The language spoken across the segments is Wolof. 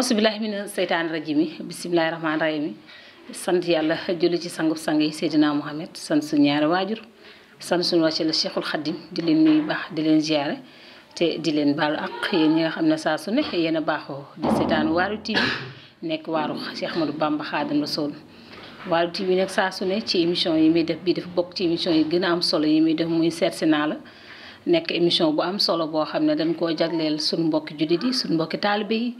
mosu mi na seytaani rajim yi bisimilahi rahmaani rahim yi sant yàlla julli ci sangub sang yi Seydina Muhammad sant suñu ñaari waajur sant suñu wàcce la Cheikhul Khadim di leen nuyu baax di leen ziare te di leen baalu ak yéen yi nga xam ne saa su ne yéen a baaxoo di seetaan waaru TV nekk waaru Cheikh Ahmadou Bamba Xaadimu Rasuul waaru TV nag saa su ne ci émission yi muy def bii dafa bokk ci émission yi gën a am solo yi muy def muy seet si naa la nekk émission bu am solo boo xam ne dañ koo jagleel suñ mbokki jullit yi suñ mbokki taalibe yi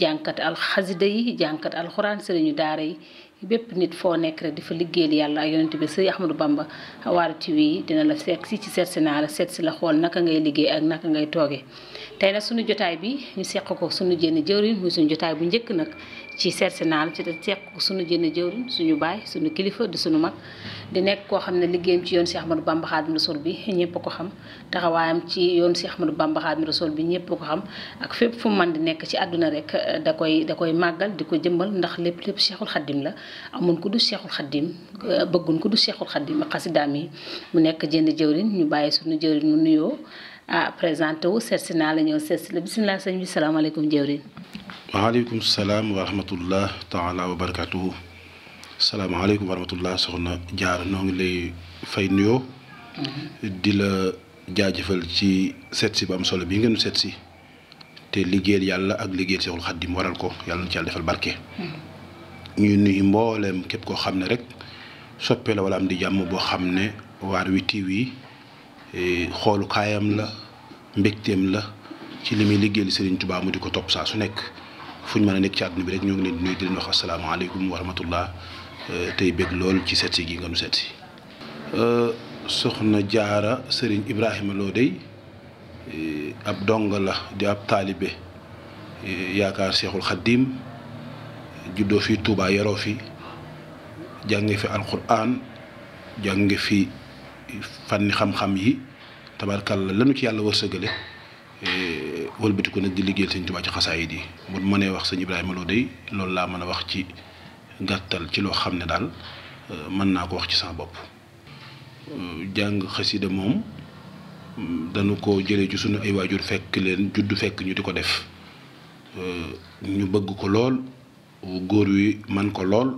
jànkat alxasida yi jànkat alxuraan sëriñu daara yi bépp nit foo nekk rek dafa liggéeyal yàlla ak yonent bi sëriñ Ahmadou Bamba Waarwi TV dina la seet si ci seet si naa la seet si la xool naka ngay liggéey ak naka ngay toogee tey nag suñu jotaay bi ñu seq ko suñu jénn jëwriñ muy suñu jotaay bu njëkk nag ci seet si naa la ci seq suñu jënd jëwriñ suñu baay suñu kilifa di suñu mag di nekk koo xam ne liggéeyam ci yoon Cheikh Ahmadou Bamba Khadimou Rassoul bi ñëpp ko xam taxawaayam ci yoon Cheikh Ahmadou Bamba Khadimou Rassoul bi ñëpp ko xam ak fépp fu man di nekk ci àdduna rek eh, da koy da koy màggal di ko jëmbal ndax lépp lépp Cheikhul Khadim la amun ku du Cheikhul Khadim eh, bëggun ku du Cheikhul Khadim ak xasidaam yi mu nekk jënd jëwriñ ñu bàyyi suñu jëwriñ mu nuyoo ah présenté wu seet si naa la ñëw seet si la bisimilah sëñ salaam wa rahmatullah taala wa barakaatuhu. salaamaaleykum wa rahmatullah soxna Diarra noo ngi lay fay nuyoo. Mhm. di la jaajëfal ci seet si bu am solo bii ngeen seet si. te liggéeyal yàlla ak liggéeyal Seexul Xaddim waral ko yàlla na ci yàlla defal barke. Mhm. ñu nuyu mbooleem képp koo xam ne rek soppee la wala am di jàmm boo xam ne waar wi TV. xolu kayam la mbektem la ci limi muy Serigne Touba mu diko top sa su nek fuñ ñu nek ci aduna bi rek ñu ngi leen nuy di leen wax assalamu alaykum wa rahmatullah tay bëgg lool ci setti gi nga nu setti euh soxna jaara Serigne Ibrahima Lo dey ab dong la di ab talibé yaakar cheikhul khadim juddo fi Touba yaroo fi jànge fi alquran jànge fi fànni xam-xam yi. tabaarkàlla lanu ci yàlla wërsëgale eh, wëlbatiku nag di liggéeyal sañ Tuubaa ci xasaayid yi bu mënee wax sëñ Ibrahima Lo dey loolu laa mën a wax ci gàttal ci loo xam ne daal eh, mën naa ko wax ci sama bopp eh, jàng xasida moom mm, danu ko jële ci suñu ay waajur fekk leen juddu fekk ñu di ko def ñu bëgg ko lool góor wi man ko lool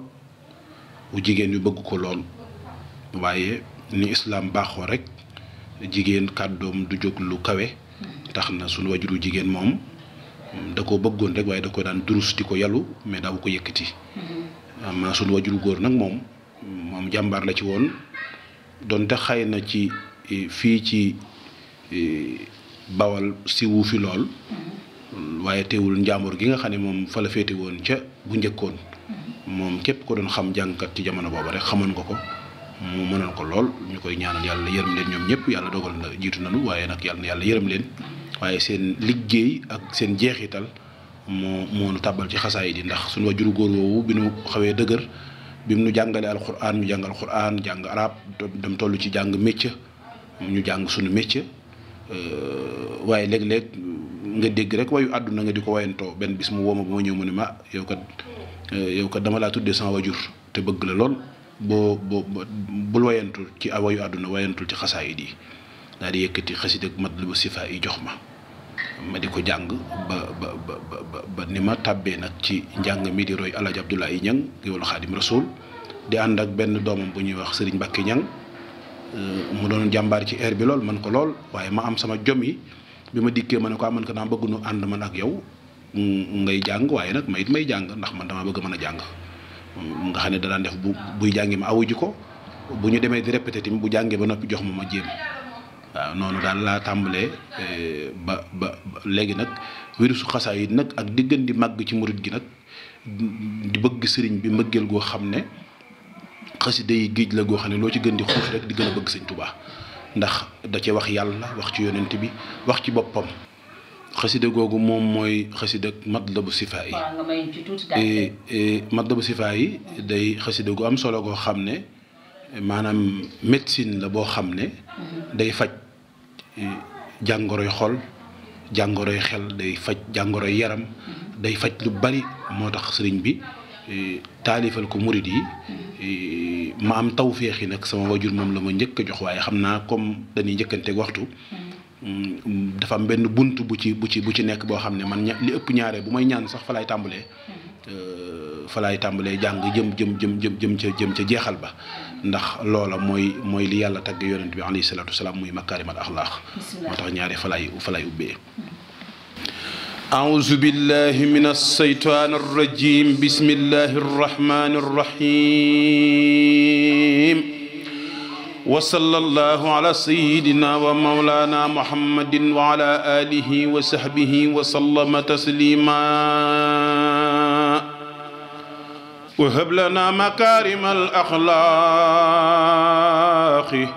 wu jigéen yu bëgg ko lool waaye ni islaam baaxoo rek jigéen kàddoom du jóg lu kawe tax na sunu wajuru jigéen moom da ko bëggoon rek waaye da ko daan durus di ko yalu mais daaw ko yëkkati mm-hmm. am sunu wajuru góor nag moom moom jàmbaar la ci woon donte xay na ci e, fii ci e, bawal siwu fi lool mm-hmm. waaye teewul njàmbur gi nga xam ne moom fa la féete woon ca bu njëkkoon mm-hmm. moom képp ko doon xam jàngkat ci jamono boobu rek xamoon nga ko mu mënal ko lool ñukoy ñaanal yalla yërëm leen ñom ñëpp yalla dogal na jitu nanu waye nak yalla yalla yërëm leen waye seen liggéey ak seen jeexital moo moo nu tabal ci xasaay di ndax suñu wajuru goor woowu bi nu xawé deugër bi mu jàngalee alquran mu jàngal quran jàng arab dem tollu ci jàng métier ñu jàng suñu métier waye leg leg nga dégg rek wayu aduna nga diko wayento ben bis mu woma ba ma ñëw mu ne ma yow kat yow kat dama laa tuddé sans wajur te bëgg la lool bo bo bul wayantu ci awayu aduna wayantu ci xasaayid yi daal di yekati xasid ak madlubu sifa yi jox ma ma di ko ba ba ba ba ba ni ma tàbbee nak ci jang mi di roy alaaj abdoulaye ñang wala khadim rasul di andak ak ben doomam bu ñuy wax serigne mbàkke ñang mu doon jambar ci air bi lol man ko lol waye ma am sama jomi, yi bi ma dikkee ma ne ah, man ko na bëgg nu and man ak yow mm, ngay jang waye nak mayit may jang ndax man dama bëgg mëna jang nga xam ne da daan def bu buy jàngi ma awuji ko bu ñu demee di répété tamit bu jàngee ba noppi jox ma ma jéem waaw noonu daal laa tàmbalee eh, ba ba léegi nag wirusu xasaa yi nag ak diggan di màgg ci murit gi nag di bëgg sëriñ bi mbëggeel goo xam ne xasida yi géej la goo xam ne loo ci gën di xuus rek di gën a bëgg sëñ Tuubaa ndax da ci wax yàlla wax ci yonent bi wax ci boppam xasida googu moom mooy xasida matlabu sifaa yi matlabu sifaa yi day xasida gu am solo goo xam ne maanaam médecine la boo xam ne day faj jàngoroy xol jàngoroy xel day faj jàngoroy yaram day faj lu bari moo tax sëriñ bi taalifal ko murit yi ma am tawféex yi nag sama wajur moom la ma njëkk a jox waaye xam naa comme dañuy njëkkanteeg waxtu Mm, dafa am benn bunt bu ci bu ci bu ci nekk boo xam ne man li ëpp ñaare bu may ñaan sax fa laay tàmbalee mm-hmm. euh, fa laay tàmbalee jàng jëm jëm jëm ca jëm ca jeexal ba ndax loola mooy mooy li yàlla tagg yonent bi alayhi salaatu wasalaam muy makaarimal axlaax moo tax ñaare fa laay fa laay ubbee أعوذ بالله من الشيطان الرجيم بسم الله الرحمن الرحيم وصلى الله على سيدنا ومولانا محمد وعلى آله وصحبه وسلم تسليما وهب لنا مكارم الأخلاق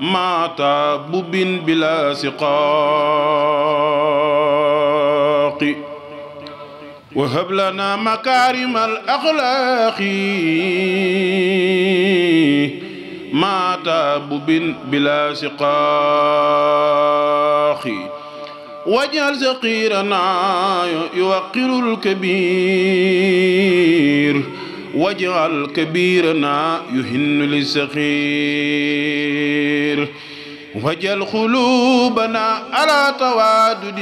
مع تابب بلا سقاق وهب لنا مكارم الأخلاق ما تاب بلا سقاخ واجعل سقيرنا يوقر الكبير واجعل كبيرنا يهن للسخير واجعل قلوبنا على توادد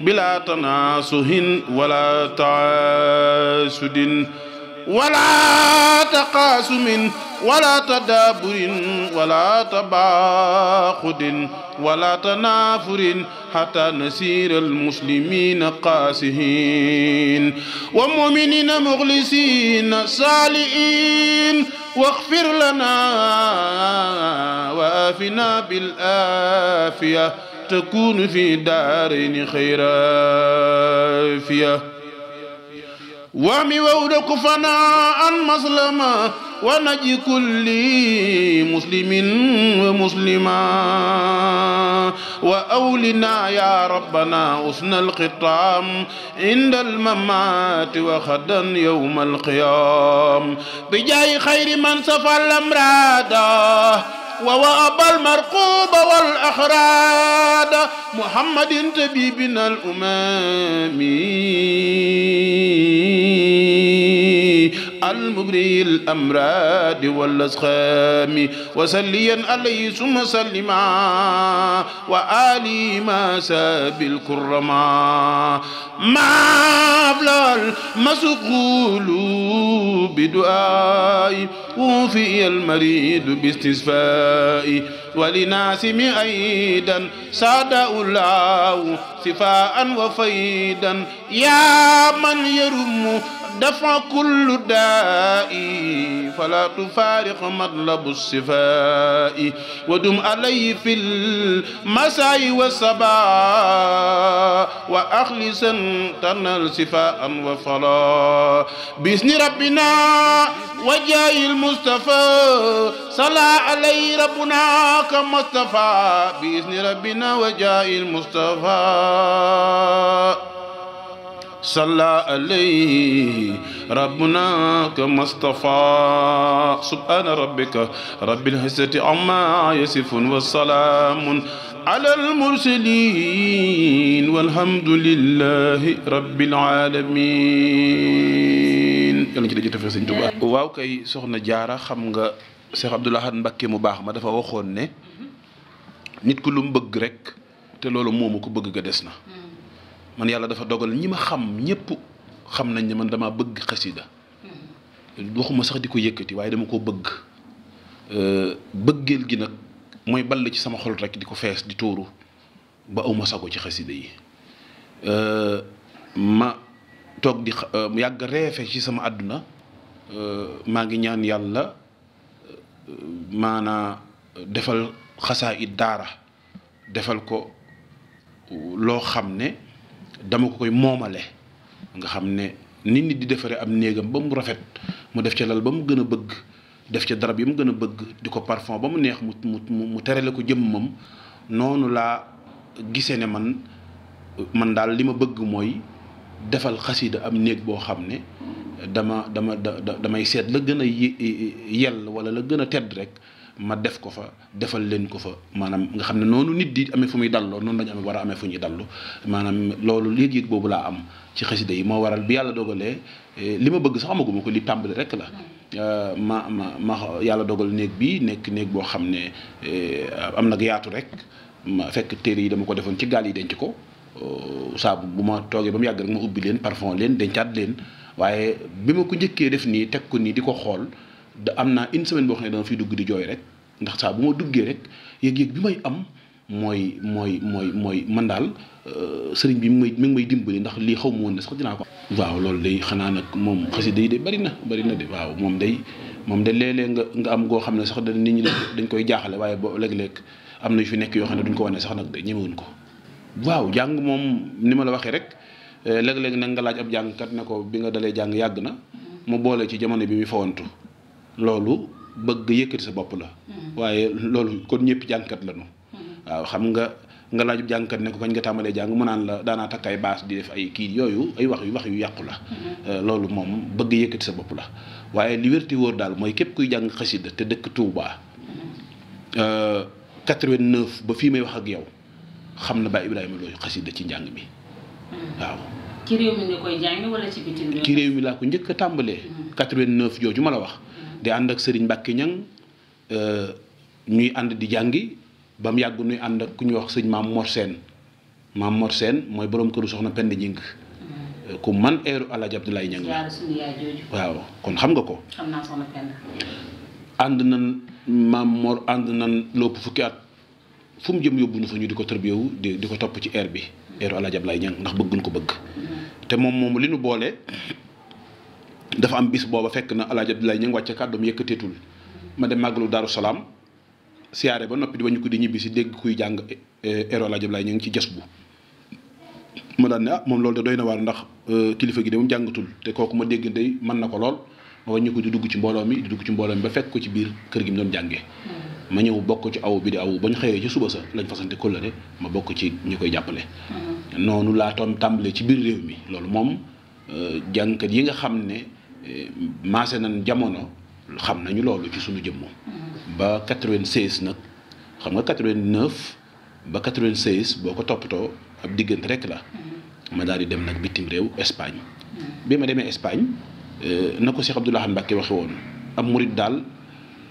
بلا تناصه ولا تعاسد ولا تقاسم ولا تدابر ولا تباخد ولا تنافر حتى نسير المسلمين قاسهين ومؤمنين مخلصين صالحين واغفر لنا وافنا بالآفية تكون في دارين خير آفية واعمي وودك فناء مسلما ونجي كل مسلم ومسلما وأولنا يا ربنا أسن الخطام عند الممات وخدا يوم القيام بجاه خير من سفر الأمراض ووأبى المرقوب والأحراد محمد تبيبنا الأمامي المبري الأمراض والأسخام وسليا عليه ثم سلما وآلي ما ساب الكرما ما أفلال مسقول بدعائي وفي المريض باستشفائي ولناسم أيدا سعداء الله صفاء وفيدا يا من يرم دفع كل داء فلا تفارق مطلب الصفاء ودم علي في المساء والصباء وأخلصا تنال صفاء وفلا بإذن ربنا وجاه المصطفى صلى علي ربنا كما اصطفى بإذن ربنا وجاه المصطفى صلى عليه ربنا كمصطفى سبحان ربك رب العزة عما يصفون والسلام على المرسلين والحمد لله رب العالمين واو كاي سخنا جارا خمغا شيخ عبد الله حن مبكي مو باخ ما دا فا واخون ني نيت كولوم بغ رك تي لولو مومو كو بغ غا ديسنا man yàlla dafa dogal ñi ma xam ñëpp xam nañ ne man damaa bëgg xasida waxuma sax di ko yëkkati waaye dama ko bëgg euh, bëggeel gi nag mooy ball ci sama xol rekk di ko fees di tuuru ba awma sago ci xasida yi euh, ma toog di euh, yàgg reefe ci sama àdduna maa ngi ñaan yàlla maanaa defal xasaa it daara defal ko loo xam ne dama ko koy moomale nga xam ne nit nit di defaree am néegam ba mu rafet mu def ca lal ba mu gën a bëgg def ca dara yi mu gën a bëgg di ko parfum ba mu neex mu mu mu terale ko jëm moom noonu laa gisee ne man man daal li ma bëgg mooy defal xasida am néeg boo xam ne dama dama da damay seet la gën a yell wala la gën a tedd rek ma def ko fa defal leen ko fa maanaam nga xam ne noonu nit di amee fu muy dalloo noonu lañu amee war a amee fu ñuy dallu maanaam loolu yëg-yëg boobu laa am ci xasida yi moo waral bi yàlla dogalee eh, li ma bëgg sax amaguma ko li tàmbali rek la hmm. euh, ma ma ma yàlla dogal néeg bi nekk néeg boo xam ne eh, am nag yaatu rek ma fekk téere yi dama ko defoon ci gaal yi denc ko euh, saabu bu ma toogee ba mu yàgg rek ma ubbi leen parfum leen dencaat leen waaye bi ma ko njëkkee def nii teg ko nii di ko xool da am naa une semaine boo xam ne dama fiy dugg di jooy rek ndax saa bu ma duggee rek yëg-yëg bi may am mooy mooy mooy mooy man daal euh, sëriñ bi mi ngi may dimbali ndax lii xaw ma woon ne sax dinaa ko waaw loolu day xanaa nag moom xasida yi de bari na bari na de waaw moom day moom de léeg-léeg nga nga am goo xam ne sax da nit ñi dañ koy jaaxale waaye boo léeg-léeg am na yu fi nekk yoo xam ne duñ ko wane sax nag de ñemewuñ ko waaw jàng moom ni ma la waxee rek euh, léeg-léeg nag nga laaj ab jàngkat ne ko bi nga dalee jàng yàgg na mu boole ci jamono bi muy fawantu loolu bëgg yëkkati sa bopp la. Mm-hmm. waaye loolu kon ñëpp jàngkat lañu. Mm-hmm. waaw xam nga nga laaj jàngkat ne ko kañ nga tàmbalee jàng mu naan la daanaa takk ay baas di def ay kii yooyu ay wax yu wax yu yàqu la. Mm-hmm. Euh, loolu moom bëgg yëkkati sa bopp la waaye li wérti wóor daal mooy képp kuy jàng xasida te dëkk Touba. 89 euh, ba fii may wax ak yow xam na Baay Ibrahima looyu xasida ci njàng mi waaw. ci réew mi nga koy jàng wala ci bitim réew. ci réew mi laa ko njëkk a tàmbalee. 89 jooju ma la wax. di anda ak sëriñ mbàkki ñang euh, ñuy and di jangi ba mu yàgg and ànd ak ku ñuy wax sëñ maam mor seen maam mor borom këru soxna pend ñing mm. euh, ku man eeru ala abdoulaye ñang waaw kon xam nga ko xam soxna pend nan mam mor and nan lopp fukki at fum jëm yóbbu nu di ko tërbiyewu di ci air bi mm. eeru alaaj abdoulaye ñang ndax bëggun ko bëgg mm. te mom mom li nu boole dafa am bis booba fekk na El Hadj Abdoulaye ñu ngi wàcce kàddu mu yëkkateetul ma dem màggalu Daaru Salaam siyaare ba noppi di wañu ko di ñibbi si dégg kuy jàng ero El Hadj Abdoulaye ñu ngi ci jës bu. ma daan ne ah moom loolu de doy na waar ndax eh, kilifa gi de mu jàngatul te kooku ma dégg day mën na ko lool ma wañu ko di dugg ci mbooloo mi di dugg ci mbooloo mi ba fekk ko ci biir kër gi mu doon jàngee. ma ñëw bokk ci aw bi di aw ba ñu xëyee ci suba sa lañ fasante kóllëre ma bokk ci ñi koy jàppale. Mm-hmm. noonu laa toon ci biir réew mi loolu moom eh, jàngkat yi nga xam ne Eh, maase nañ jamono xam nañu loolu ci suñu jëmm mm. ba 96 nag xam nga 89 ba 96 boo ko toppatoo ab diggante rek la mm. ma daal di dem nag bitim réew Espagne mm. bi ma demee Espagne eh, na ko Cheikh Abdoul Ahad Mbacké waxe woon ab murit daal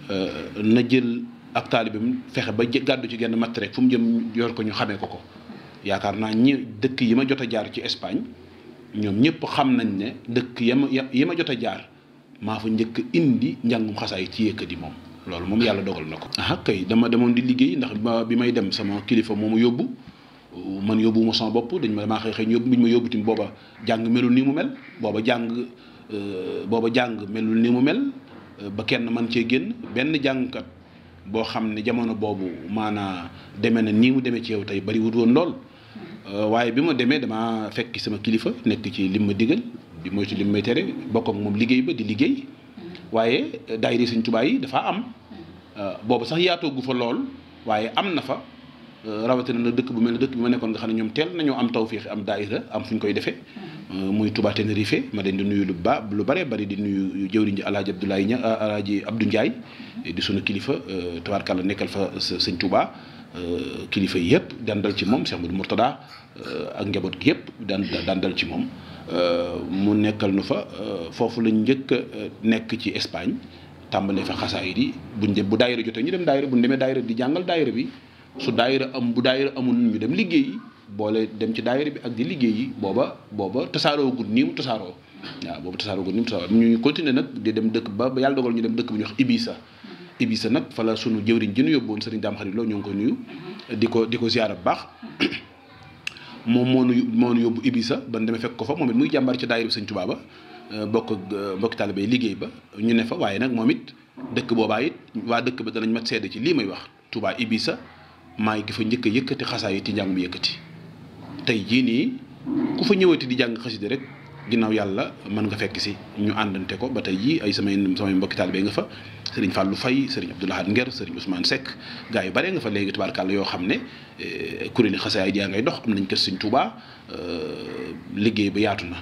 eh, na jël ab taalibam fexe ba gàddu ci genn matt rek fu mu jëm yor ko ñu xamee ko ko yaakaar naa ñi dëkk yi ma jot a jaar ci Espagne ñoom ñëpp xam nañ ne dëkk ma ya ma jot a jaar maa fa njëkk indi njàngum xasaay ci yëkkati moom loolu moom yàlla dogal na ko ah kay dama demoon di liggéey ndax bi may dem sama kilifa ma yóbbu man yóbbu ma sama bopp dañ ma damaa xëy xëy yóbbu ñu ma yóbbu tamit booba jàng melul ni mu mel booba jàng euh, booba jàng melul ni mu mel ba kenn man cee génn benn jàngkat boo xam ne jamono boobu maanaa demee na nii mu demee ci yow tey bari woon lool Euh, waaye bi ma demee dama fekk sama kilifa nekk ci lim ma digal mooy moytu lim may tere bokk moom liggéey ba di liggéey waaye euh, daayira Sëñ Tuubaa yi dafa am euh, boobu sax yaatoogu fa lool waaye am na fa rawatina na dëkk bu mel ne dëkk bi ma nekkoon nga xam ne ñoom teel nañoo am tawféex am daayira am fu ñu koy defee muy Touba Tenerife ma leen di nuyu lu ba lu bare bari di nuyu jëwriñ ji alaaji Abdoulaye Ña alaaji Abdou Ndiaye di sunu kilifa tabaarkàlla nekkal fa sëñ Euh, kilifa yi yëpp daan dal ci moom Cheikh Modou Mourtada euh, ak njaboot gi yëpp daan daan dal ci moom euh, mu nekkal nu fa foofu lañ njëkk nekk ci Espagne tàmbalee fa xasaayid yi buñ dem bu daayira jotee ñu dem daayira buñ demee daayira di jàngal daayira bi su daayira am bu daayira amul ñu dem liggéey yi boole dem ci daayira bi ak di liggéey yi booba booba tasaaroo gud nii mu tasaaroo waaw boobu tasaaroo gud nii mu tasaaroo ñu continuer nag di dem dëkk ba yàlla dogal ñu dem dëkk bu ñuy wax Ibiza Ibisa nag fa la sunu jëwriñ ji nu yóbbu woon sëriñ Daam Xarit Lo ñoo ngi koy di ko di ko ziyaara bu baax. moom moo nu moo nu yóbbu Ibisa ba demee fekk ko fa moom it muy jàmbaar ci daay Sëriñ Tuubaa ba euh, bokk euh, mbokki taalibe liggéey ba ñu ne fa waaye nag moom it dëkk boobaay it waa dëkk ba danañ mat sedd ci lii may wax Touba Ibisa maa ngi fa njëkk a yëkkati xasaay yi ci njàng mu yëkkati tey jii nii ku fa ñëwati di jàng xasida rek ginnaaw yàlla mën nga fekk si ñu àndante ko ba tey jii ay samay samay mbokki taalibe nga fa sëriñ Fallou Faye sëriñ Abdou Lahad Nger sëriñ Ousmane Seck gaa yu bare nga fa léegi tubaarkàlla yoo xam ne eh, kuréeli xasaay jaa ngay dox am nañ kër sëriñ Touba eh, liggéey ba na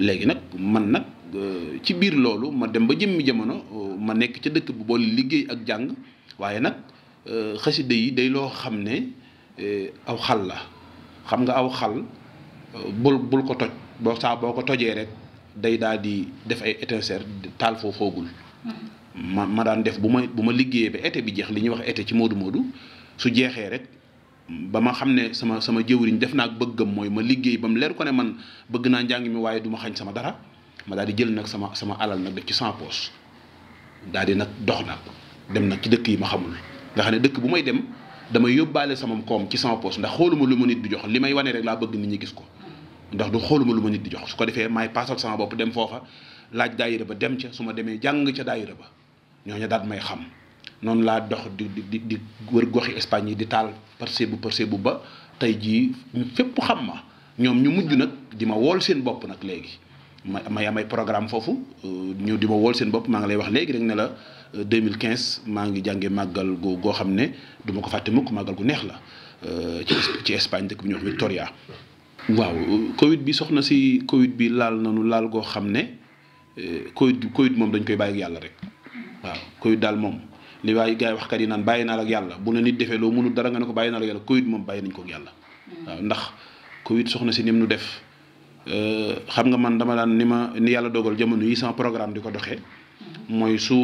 léegi nag man nag eh, ci biir loolu ma dem ba jëmmi jamono ma nekk ca dëkk bu boole liggéey ak jàng waaye nag xasida yi day loo xam ne aw xal la xam nga aw xal bul bul ko toj boo saa boo ko tojee rek day daal di def ay étincelle taal foo foogul hmm. ma ma daan def bu ma bu ma liggéeyee ba été bi jeex li ñuy wax été ci moodu moodu su jeexee rek ba ma xam ne sama sama jëwriñ def naa bëggam mooy ma liggéey ba mu leer ko ne man bëgg naa njàng mi waaye duma xañ sama dara ma daa di jël nag sama sama alal nag def ci sans poche daal di nag dox nag dem nag ci dëkk yi ma xamul nga xam ne dëkk bu may dem damay yóbbaale sama koom ci sama poche ndax xooluma lu ma nit bi jox li may wane rek laa bëgg nit ñi gis ko ndax du xooluma lu ma nit di jox su ko defee maay paasal sama bopp dem foofa laaj daayira ba dem ca su ma demee jàng ca daayira ba ñooñu daal may xam noonu laa dox di di di wër goxi Espagne yi di taal përse bu përse bu ba tey jii fépp xam ma ñoom ñu mujj nag di ma wool seen bopp nag léegi ma may amay programme foofu euh, ñu di ma wool seen bopp maa ngi lay wax léegi rek ne la euh, mille 2015 maa ngi jàngee màggal goo goo xam ne du ma ko fàtte mukk màggal gu neex la euh, ci ci Espagne dëkk bu ñuy waaw Covid bi soxna si Covid bi laal na nañu laal goo xam ne eh, Covid bi Covid moom dañ koy bàyyi yàlla rek waaw Covid daal moom li waaye gars yi waxkat yi naan bàyyi naa la yàlla bu la nit defee loo mënul dara nga ne ko bàyyi naa la ak Covid moom bàyyi nañ ko ak yàlla. waaw ndax Covid soxna si ni mu def eh, xam nga man dama daan ni ma ni yàlla dogal jamono yi sama programme di ko doxe mooy su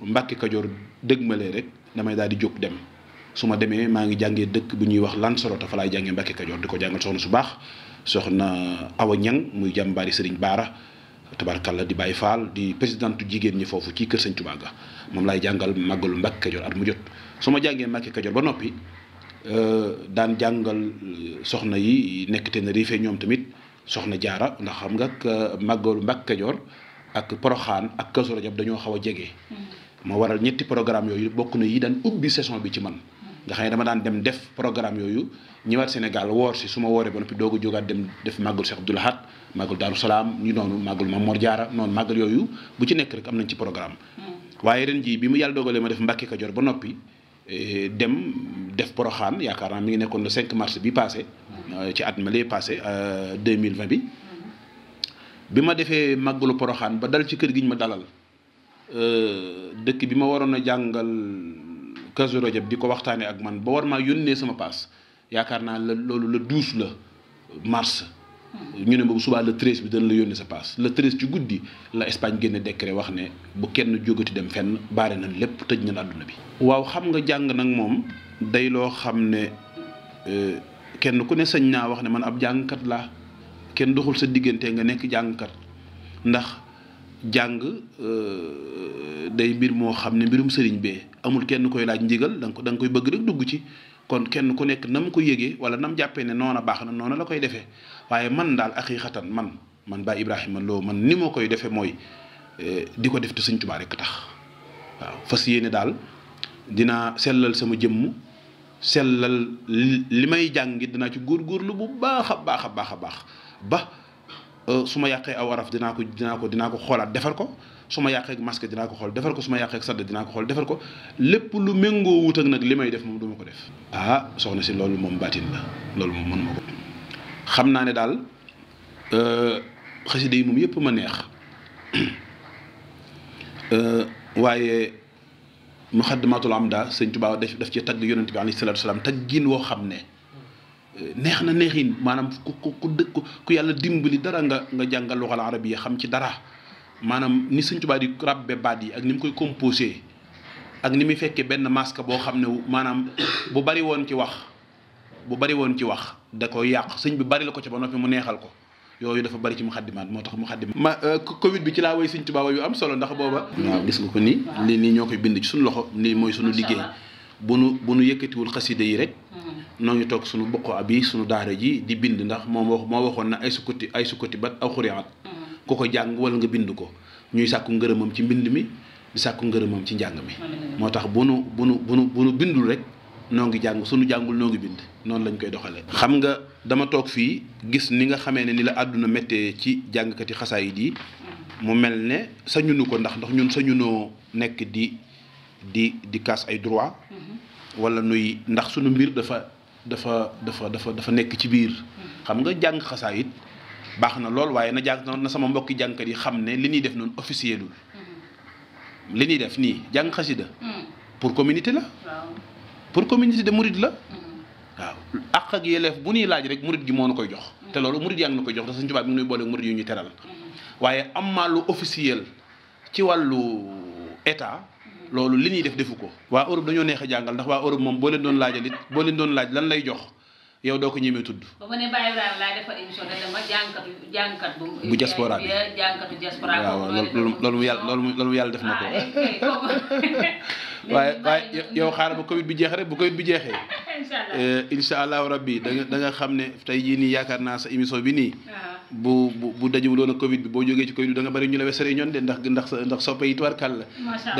Mbàkke Kajoor dëgmalee rek damay daal di jóg dem. deme ma ngi jangé dëkk bu ñuy wax Lansarote fa lay jangé mbacké Kajoor di ko jàngal soxna su bax soxna Awa Ñang muy jàmbaari serigne bara tabarakallah di Baye Fall di présidentu jigéen ñi fofu ci keur serigne touba ga moom laay jàngal màggalu Mbàkke Kajoor at mu jot suma jangé mbacké Mbàkke Kajoor ba euh daan jangal soxna yi nekk Tenerife ñom tamit soxna jaara ndax xam nga màggalu Mbàkke Kajoor ak proxane ak Kazu sura dañu xawa a ma mm. waral ñetti programme yoyu bokku na yi daan ubbi saison bi ci man nga xam ne dama daan dem def programme yooyu ñëwaat Sénégal woor si su ma wooree ba noppi doo a jógaat dem def màggul Cheikh Abdoul Ahad màggul Darou Salaam ñu noonu màggul ma Mor Diarra noonu màggal yooyu bu ci nekk rek am nañ ci programme. Hmm. waaye ren jii bi mu yàlla dogalee ma def Mbàkke Kajoor ba noppi eh, dem def Poroxaan yaakaar naa mi ngi nekkoon le 5 bi passé. Hmm. Euh, ci at ma lay passé 2020 euh, hmm. bi. ma defee màggulu Poroxaan ba dal ci kër gi ñu ma dalal euh, dëkk bi ma waroon a jàngal. Kazu Rajab di ko waxtaanee ak man ba war maa yónnee sama paas yaakaar naa la loolu le douze la mars. ñu ne boobu subaa le treize bi dana la yónnee sa paas le treize ci guddi la Espagne génne décret wax ne bu kenn jógati dem fenn baare nañ lépp tëj nañ àdduna bi. waaw xam nga jàng nag moom day loo xam ne euh, kenn ku ne sañ naa wax ne man ab jàngkat la kenn doxul sa diggante nga nekk jàngkat ndax. jàng euh, day mbir moo xam ne mbirum sëriñ bee amul kenn koy laaj njigal da nga koy bëgg rek dugg ci kon kenn ku nekk na mu ko yëgee wala nam mu jàppee ne noona baax na noona la koy defee waaye man daal aqiqatan man man baa Ibrahima loo man ni ma koy defee mooy euh, di ko def te Sëriñ Tuubaa rek tax waaw fas yéene daal dinaa sellal sama jëmm sellal li may jàngit dinaa ci góorgóorlu bu baax a baax a baax a baax ba. Euh, su ma yàqee aw araf dinaa ko dinaa ko dinaa ko xoolaat defar ko su ma yàqee ak masque dinaa ko xool defar ko su ma dinaa ko xool defar ko lépp lu méngoo wutal ak nag li may def moom du ma ko def. ah soxna si loolu moom baatin la loolu moom mën ko. xam naa ne daal euh, xasida yi moom yëpp ma neex euh, waaye muxaddamatul amda sëñ Tuubaa daf daf ci tagg yonent bi alayhi salaatu wa salaam taggin woo xam ne. neex na neexin maanaam ku ku ku dëkk ku yàlla dimbali dara nga nga jàngal loxal arab yi xam ci dara maanaam ni Sëñ Tuubaa di rabbe baat yi ak ni mu koy composé ak ni muy fekkee benn masque boo xam ne maanaam bu bari woon ci wax bu bari woon ci wax da ko yàq sëñ bi bari la ko ci ba noppi mu neexal ko yooyu dafa bari ci mu muxaddimaat moo tax muxaddimaat ma euh, Covid bi ci laa woy Sëñ Tuubaa yu am solo ndax booba. waaw gis nga ko nii nii ñoo koy bind ci suñu loxo nii mooy suñu liggéey. Bunu bunu yëkëti wul qasida yi rek hmm. noo ñu tok sunu bokk abi sunu daara ji di bind ndax moom wax mo waxon na ay sukkati ay sukkati bat aw khuriat hmm. ku ko jang wala nga bind ko ñuy sakku ngërëmam ci bind mi di sakku ngërëmam ci jang mi motax bunu bunu bunu bunu bindul rek noo ngi jang sunu jangul noo ngi bind non lañ koy doxale xam nga dama tok fi gis ni nga xamé ni la aduna metté ci kati xasaayid di mu melne sañu sañunu ko ndax ndax ñun no nek di di di casse ay droit hmm. wala nuy ndax suñu mbir dafa dafa dafa dafa dafa nekk ci biir xam nga jàng xasaayit baax na lool waaye na jàng na sama mbokki jàngkat yi xam ne li ñuy def noonu officiel lul mm-hmm. li ñuy def nii jàng xasida mm-hmm. pour communauté la pour communauté de murid la mm-hmm. waaw àq ak yelleef bu nuy laaj rek murit gi moo na koy jox te loolu murid yaa ngi na koy jox te Sëñ Tuubaa bi ngi nuy boole murid yu ñu teral waaye am maa lu officiel ci wàllu état loolu li ñuy def defu ko waa Europe dañoo neex a jàngal ndax waa Europe moom boo leen doon laajalit boo leen doon laaj lan lay jox yow doo ko ñemee tudd. ba ma Baye Ibrahima la defal émission da dama jankat jankat bu. bu diaspora bi jànkatu diaspora. waaw lolu yalla lolu loolu yàlla def nako ko. Ah, eh, eh, waaye yow xaar ba Covid bi jeex rek bu Covid bi jeexee. incha eh, rabbi da nga sa émission bi ah. bu bu dajju won ak Covid bi bo jógee ci Covid da nga bari ñu la wesere ñon de ndax ndax ndax soppe yi tubarkal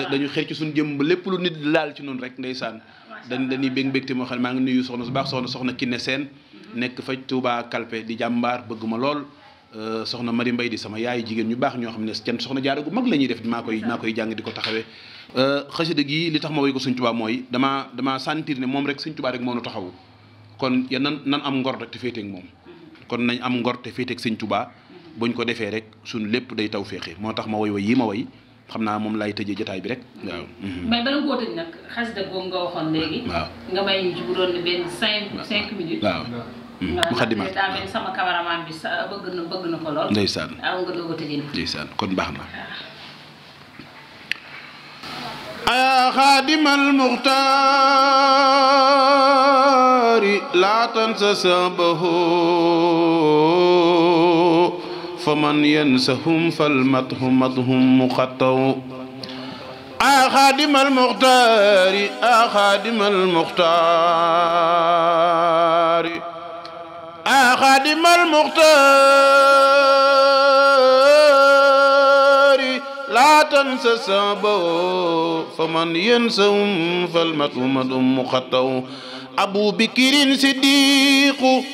dañu xeex ci jëm lepp lu nit laal ci noonu rek ndeysaan dañ dañuy bég mbégte moo xam ngi nuyu soxna su baax soxna soxna Kiné Sène nekk fa Touba Kalpe di jàmbaar bëgg ma lool euh, soxna Mari Mbay di sama yaayu jigéen ñu baax ñoo xam ne cant soxna jaara gu mag la ñuy def maa koy maa koy jàng di ko taxawee euh, xasida gii li tax ma woy ko Sëñ Tuubaa mooy damaa damaa sentir ne moom rek Sëñ Tuubaa rek moo nu taxawu kon ya nan nan am ngor rek te moom kon nañ am ngor te féeteeg Sëñ Tuubaa buñ ko defee rek suñ lépp day taw féexe moo tax ma woy woy yi ma woy xam naa moom laay tëjee jotaay bi rek waaw. mais mhm. bala nga tëj nag xasida googu nga waxoon léegi. waaw nga may ñu ci bu benn cinq cinq minutes. waaw mhm. mu xaddimaat sama cameraman bi sa bëgg na ko lool. ndeysaan aw kon baax na. يا خادم المختار لا تنس سبه فمن ينسهم مطهم مخطو آخادم المختار آخادم المختار آخادم المختار لا تنسى سبو فمن ينسهم مطهم مخطو أبو بكر صديق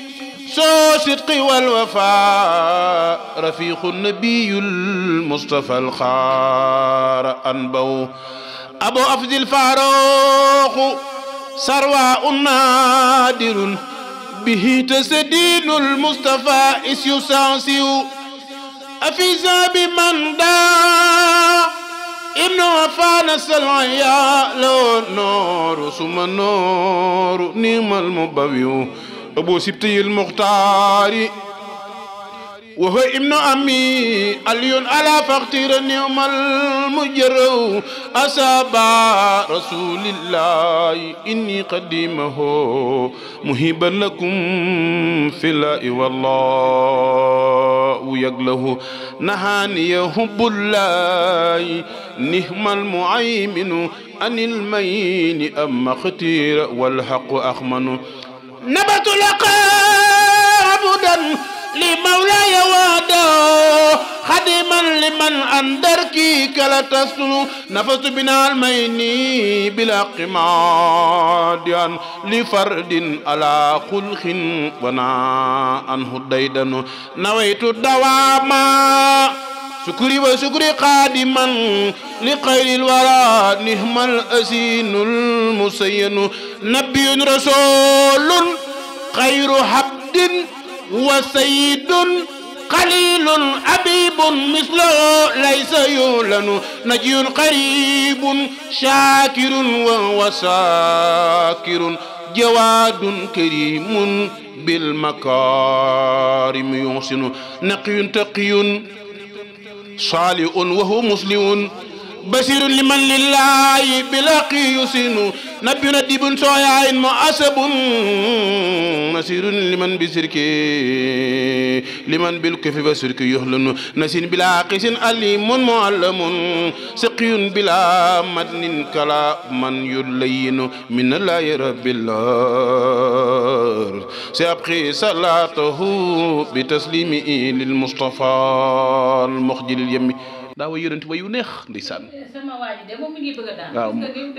شو صدق والوفاء رفيق النبي المصطفى الخار أنبو أبو أفضل الفاروق سرواء نادر به تسدين المصطفى إس يساسي أفيزا بمن دا ابن وفانا سلعيا لو نور ثم النور نيم المبويو أبو سبتي المختار وهو ابن أمي أليون على فقير يوم نعم المجر أصاب رسول الله إني قديمه مهيبا لكم في الله والله يقله نهاني حب الله نهم المعيمن عن المين أما ختير والحق أخمن نبت لقى عبدا لمولاي وعدا خدما لمن اندرك كلا تسلو نفس بنا الميني بلا قماد يعني لفرد على خلخ ونا أنه ديدن نويت الدواما شكري وشكري قادما لخير الورى نهم الأسين المسين نبي رسول خير حبد وسيد قليل أبيب مثله ليس يولن نجي قريب شاكر وهو ساكر جواد كريم بالمكارم يحسن نقي تقي صالح وهو مسلم بشير لمن لله بلاقي يسن نبي ندب سويا مؤسب نسير لمن بسرك لمن بالكف بسرك يهلن نسين بلا قيس أليم معلم سقي بلا مدن كلا من يلين من الله رب الله سيبقي صلاته بتسليمه للمصطفى المخجل اليمين داو يرنت ويو نخ ديسان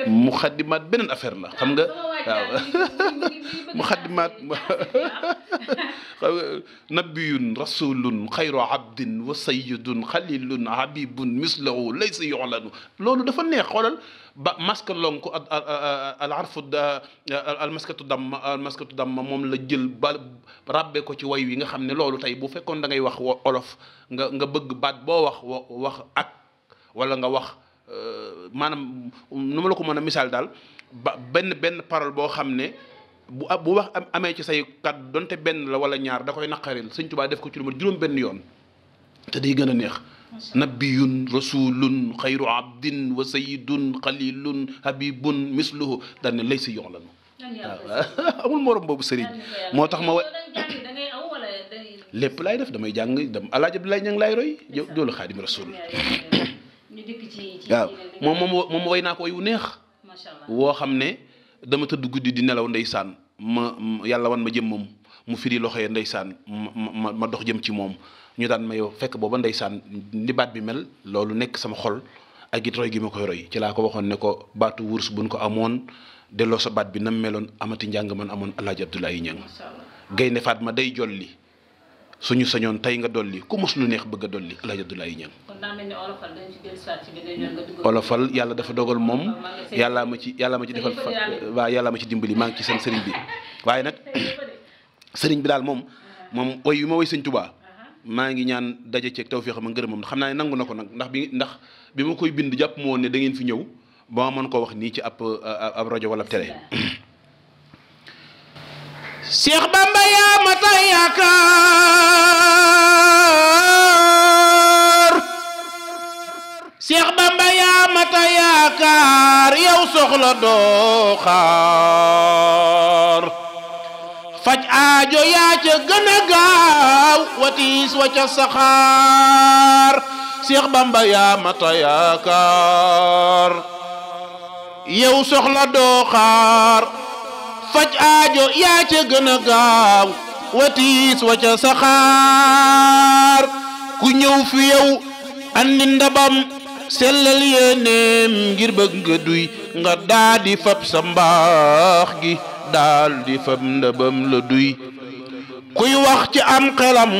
مخدمات بنن أفر لا خمغة مخدمات نبي رسول خير عبد وسيد خليل عبيب مثله ليس يعلن لولو دفا نيخ ولا با ماسك لونكو العرف المسكة دم المسكة دم موم لا جيل rabbe ko ci way wi nga xam ne loolu tey bu fekkoon dangay ngay wax olof nga nga bëgg baat boo wax wax ak wala nga wax euh, maanaam nu ma la ko mën a misaal daal ba benn benn parole boo xam ne bu bu wax amee ci say kat donte benn la wala ñaar da koy naqaril Sëñ Tuubaa def ko ci lu mat juróom benn yoon te day gën a neex nabiyun rasulun xayru abdin wa sayidun xalilun habibun misluhu daal ne lay si yoxlanu amul morom boobu sëriñ moo tax ma wa lépp laay def damay jàng dem El Hadj Abdoulaye Niang laay roy joolu xaadim rasul waaw moom moom moom way naa ko way wu neex woo xam ne dama tëdd guddi di nelaw ndeysaan ma yàlla wan ma jëm moom mu firi loxo yi ndeysaan ma ma dox jëm ci moom ñu daan ma fekk booba ndeysaan ni baat bi mel loolu nekk sama xol ak it roy gi ma koy roy ci laa ko waxoon ne ko baatu wurus buñ ko amoon delloo sa baat bi nam meloon amati njàng man amoon alaaji Abdoulaye Niang gaynde faat ma day jolli suñu sañoon tey nga dolli ku mos lu neex bëgg a dolli alaaji Abdoulaye Niang olofal yàlla dafa dogal moom yàllaa ma ci yàllaa ma ci defal fa waaw yàllaa ma ci dimbali maa ngi ci seen sëriñ bi waaye nag sëriñ bi daal moom uh-huh. moom woy yu ma woy sëñ Tuubaa uh-huh. maa ngi ñaan daje ceeg tawfeex ma ngërëmam xam naa ne nangu na ko nag ndax bi ndax bi ma koy bind jàpp moo ne da ngeen fi ñëw ba mën koo wax ci ab Bamba yaa ma yaa ma tax soxla doo faj aajo yaa ca gën gaaw watiis wa ca saxaar Cheikh Bamba yaa ma tax yaakaar yow soxla doo xaar faj aajo yaa ca gën a gaaw watiis wa ca saxaar ku ñëw fi yow andi ndabam sellal yéeneem ngir bëgg nga duy nga daldi fab sa mbaax gi daldi fab ndabam la duy kuy wax ci am xelam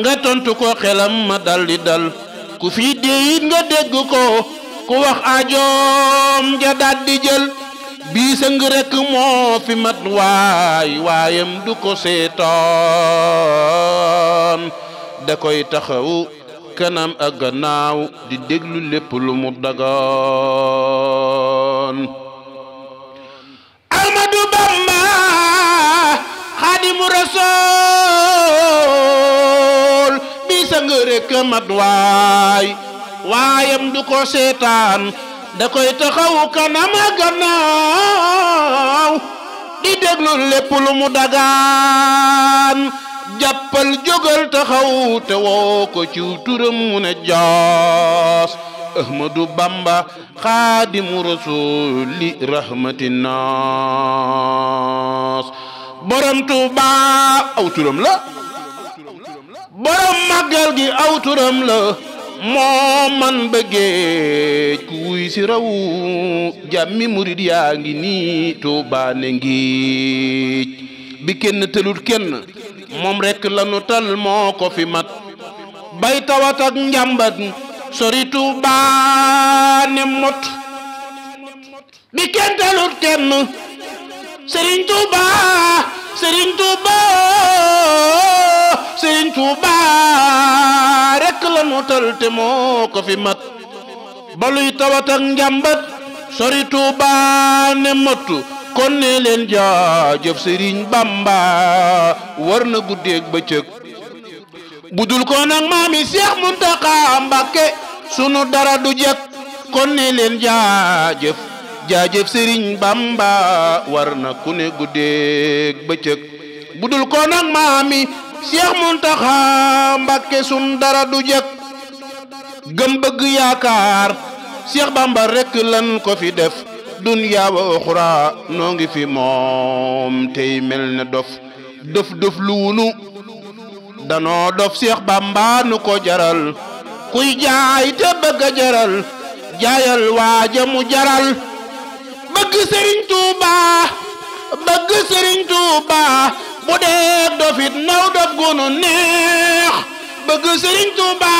nga tontu ko xelam ma daldi dal ku fi déyit nga dégg ko ku wax ajoom ja daldi jël bii sëng rekk moo fi mat waay waayam du ko seetoon da koy taxawu kanam ak gannaaw di déglu lépp lu mu dagoon Ahmadu Bamba Xaadimu Rasuul bii sëng rekk mat waay waayam du ko seetaan da koy taxaw kanam a gannaaw di déglu lépp lu mu dagaan jàppal jógal taxaw te woo ko ciw turam mu ne jaas ahmadu bamba xaadimu rasuli rahmati naas borom tuuba aw turam la borom màggal gi aw turam la moo man ba géej si rawu jàmmi murid yaa ngi nii Tuubaa ne bi kenn tëlut kenn moom rekk lanu tal moo ko fi mat bay tawat ak njàmbat sori mot bi kenn tëlut kenn Serigne Touba Serigne Touba Serigne Touba rek la motal te moo ko fi mat baluy tawat ak jambat, sori Touba ne matu kon ne leen Serigne Bamba warna gudeg ak budul ko nak mami Cheikh Muntaka Mbake sunu dara du jek kon ne jaajëf sëriñ bamba war na ku ne guddeeg bëccëg bu dul ko nag maami Cheikh Muntaxa Mbàkke sun dara du jëkk gëm bëgg yaakaar Cheikh Bamba rekk lan ko fi def dunyaa wa oxra noo ngi fi moom tey mel ne dof dof dof luunu danoo dof Cheikh Bamba nu ko jaral kuy jaay te bëgg jaral jaayal waaja mu jaral bëgg sëriñ Touba bëgg sëriñ Touba bu dee dofit naw dof gu neex bëgg sëriñ Touba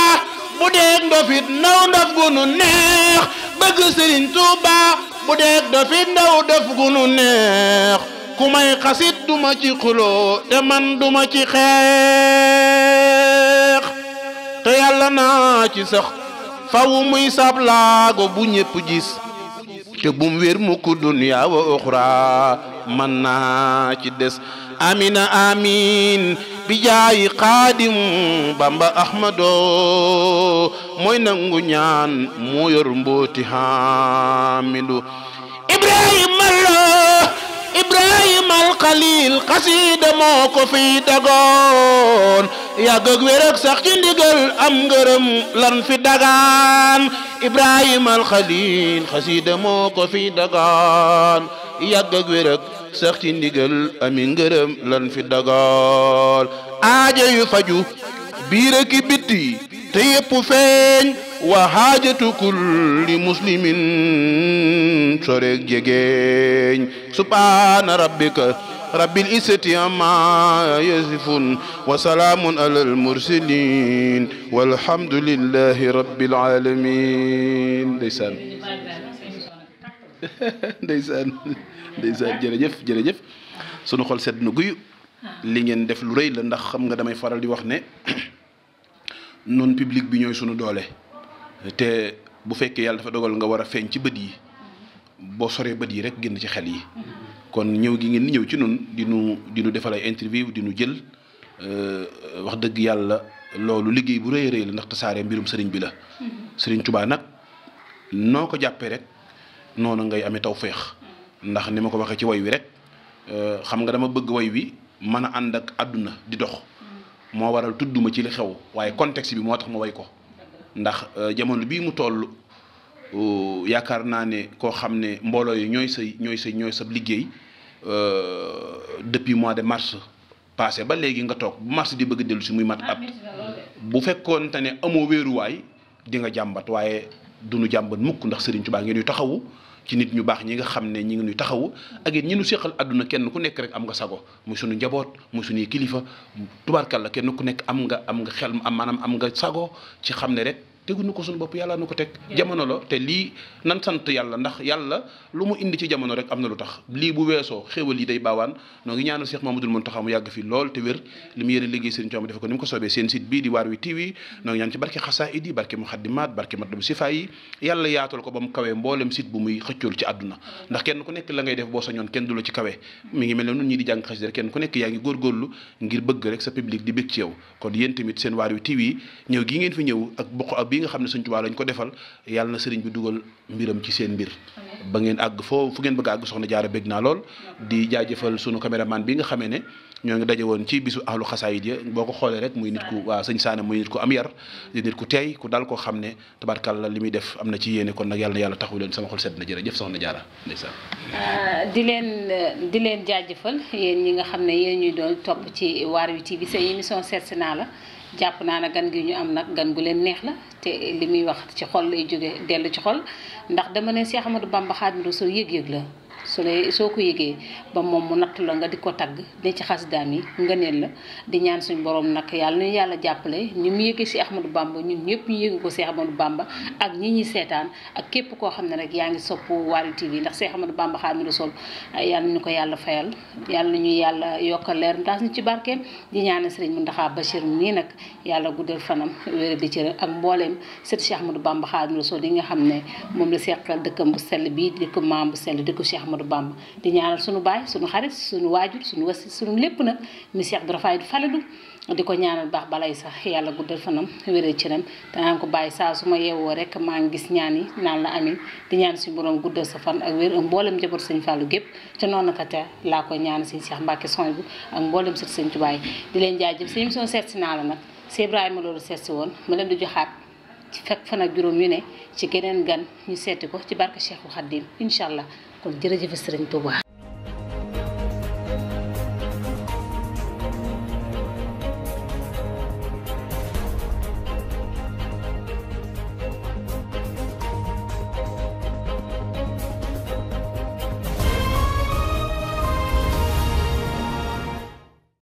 bu dee dofit naw dof gu neex bëgg sëriñ Touba bu dee dofit naw dof gu neex ku may xasit duma ci xuloo te man duma ci xeex te yàlla naa ci sax fawu muy sab laago bu ñépp gis te bum wér mukk duniyaa wa man naa ci des amina amin bi jaayi xaadim bamba ahmado mooy nangu ñaan moo yor mbooti haamilu ibrahima lo xasiida moo ko fiy dagoon yàgg ak wér ak sax ci ndigal am ngërëm lan fi dagaan Ibrahima alxalil xasiida moo ko fiy dagaan yàgg ak wér ak sax ci ndigal ami ngërëm lan fi dagaan aajo yu faju biir ak i bitti te yépp feeñ wa haajatu kulli muslimin soreeg jegeeñ subhaana rabbika رب العزة عما يصفون وسلام على المرسلين والحمد لله رب العالمين ndeysaan ndeysaan ndeysaan jërëjëf jërëjëf sunu xol sedd na guyu li ngeen def lu rëy la ndax xam nga damay faral di wax ne non public bi ñooy sunu doole te bu fekkee yàlla dafa dogal nga war a feeñ ci bët yi boo soree bët yi rek génn ci xel yi kon ñëw gi ngeen ñëw ci noonu di nu di nu defal ay interview di nu jël euh, wax dëgg yàlla loolu liggéey bu rëy a la ndax tasaare mbirum sëriñ bi la. Mm-hmm. sëriñ Tuubaa nag noo ko jàppee rek noonu ngay amee féex ndax ni ma ko waxee ci woy wi rek euh, xam nga dama bëgg way wi mën a ànd ak àdduna di dox. Mm-hmm. moo waral tudduma ci li xew waaye contexte bi moo tax ma woy ko ndax euh, jamono bii mu toll yaakaar naa ne koo xam ne mbooloo yi ñooy sëy ñooy sëy ñooy sab liggéey. Euh, depuis mois de mars passé ba léegi nga toog mars di bëgg dellu si muy mat at bu fekkoon te ne amoo wéeruwaay di nga jàmbat waaye dunu jàmbat mukk ndax Serigne Touba ngeen ñuy taxawu ci nit ñu baax ñi nga xam ne ñi ngi ñuy taxawu ak it ñi nu seqal àdduna kenn ku nekk rek am nga sago muy sunu njaboot muy sunuy kilifa tubaarkàlla kenn ku nekk am nga am nga xel am maanaam am nga sago ci xam ne rek. teguñu ko sun bop yalla nu tek jamono la te li nan sante yalla ndax yalla lu mu indi ci jamono rek amna lutax li bu weso xewal li day bawan, no ngi ñaanu Cheikh Mamadou muntaha mu yag fi lol te wer li mu liggey serigne seen def ko ni ko site bi di Waarwi TV no ngi ñaan ci barke khasaidi barke muxaddimaat barke matlabu sifayi yalla yaatal ko bam kawé kawee site bu muy xëccool ci aduna ndax kenn ku nekk la ngay def boo kenn ci kawé mi ngi melni ñi di jàng rek kenn ku nekk yaangi gor gorlu ngir bëgg rek sa public di bëgg ci yow kon yeen tamit seen Waarwi TV ñew gi ngeen fi ñew ak bii nga xam ne sëñ Tuubaa lañ ko defal yàlla na sëriñ bi dugal mbiram ci seen mbir ba ngeen àgg foo fu ngeen bëgg a àgg soxna jaara bég naa lool di jaajëfal sunu caméraman bi nga xamee ne ñoo ngi daje woon ci bisu ahlu xasaayid ya boo ko xoolee rek muy nit ku waaw sëñ Saane muy nit ku am yar di nit ku teey ku dal koo xam ne tabarkàlla li muy def am na ci yéene kon nag yàlla na yàlla taxu leen sama xol sedd na jërëjëf soxna jaara ndeysaan ah, di di leen jaajëfal yéen ñi nga xam ne yéen ñuy doon topp ci Waarwi sa émission seet la jàpp naa ne gan gi ñu am nag gan gu leen neex la te li muy wax ci xol lay jóge dellu ci xol ndax dama ne Cheikh Amadou Bamba Xaadimu Rasuul yëg-yëg la su dee soo ko yëgee ba moom mu natt la nga di ko tagg ne ci xas xasidaam yi nga neel la di ñaan suñu borom nag yàlla nañu yàlla jàppale ñu mu yëgee si Ahmadou Bamba ñun ñëpp ñu yëgee ko si Ahmadou Bamba ak ñi ñuy seetaan ak képp koo xam ne rek yaa ngi sopp Waarwi TV ndax si Ahmadou Bamba Xaadimu Rasuul yàlla nañu ko yàlla fayal yàlla nañu yàlla yokk leer ndaas ci barkeem di ñaanal sëriñ Mountakha Bachir nii nag yàlla guddal fanam di cër ak mbooleem sët si Ahmadou Bamba Xaadimu Rasuul yi nga xam ne moom la seqal dëkkam bu sell bi dëkk maam bu sell dëkk Ahmadou Bamba di ñaanal suñu baay suñu xarit suñu waajur suñu wasi suñu lépp nag mi Cheikh Abdou Rafahi Falilu di ko ñaanal baax balay sax yàlla guddal fanam wéré cëram te naan ko bàyyi saa su ma yeewoo rek maa ngi gis ñaan yi naan la di ñaan suñu borom guddal sa fan ak wér ak mboolem njaboot sëñ Fallou gépp te noonu ka laa koy ñaan sëñ seex Mbacke son bu ak mboolem sët sëñ Tuubaa di leen jaajëf sa émission seet si naa la nag si Ibrahima loolu seet si woon ma leen di joxaat ci fekk fan juróom yu ne ci geneen gan ñu seeti ko ci barke Cheikhul Khadim incha allah kun dira ji fisirin to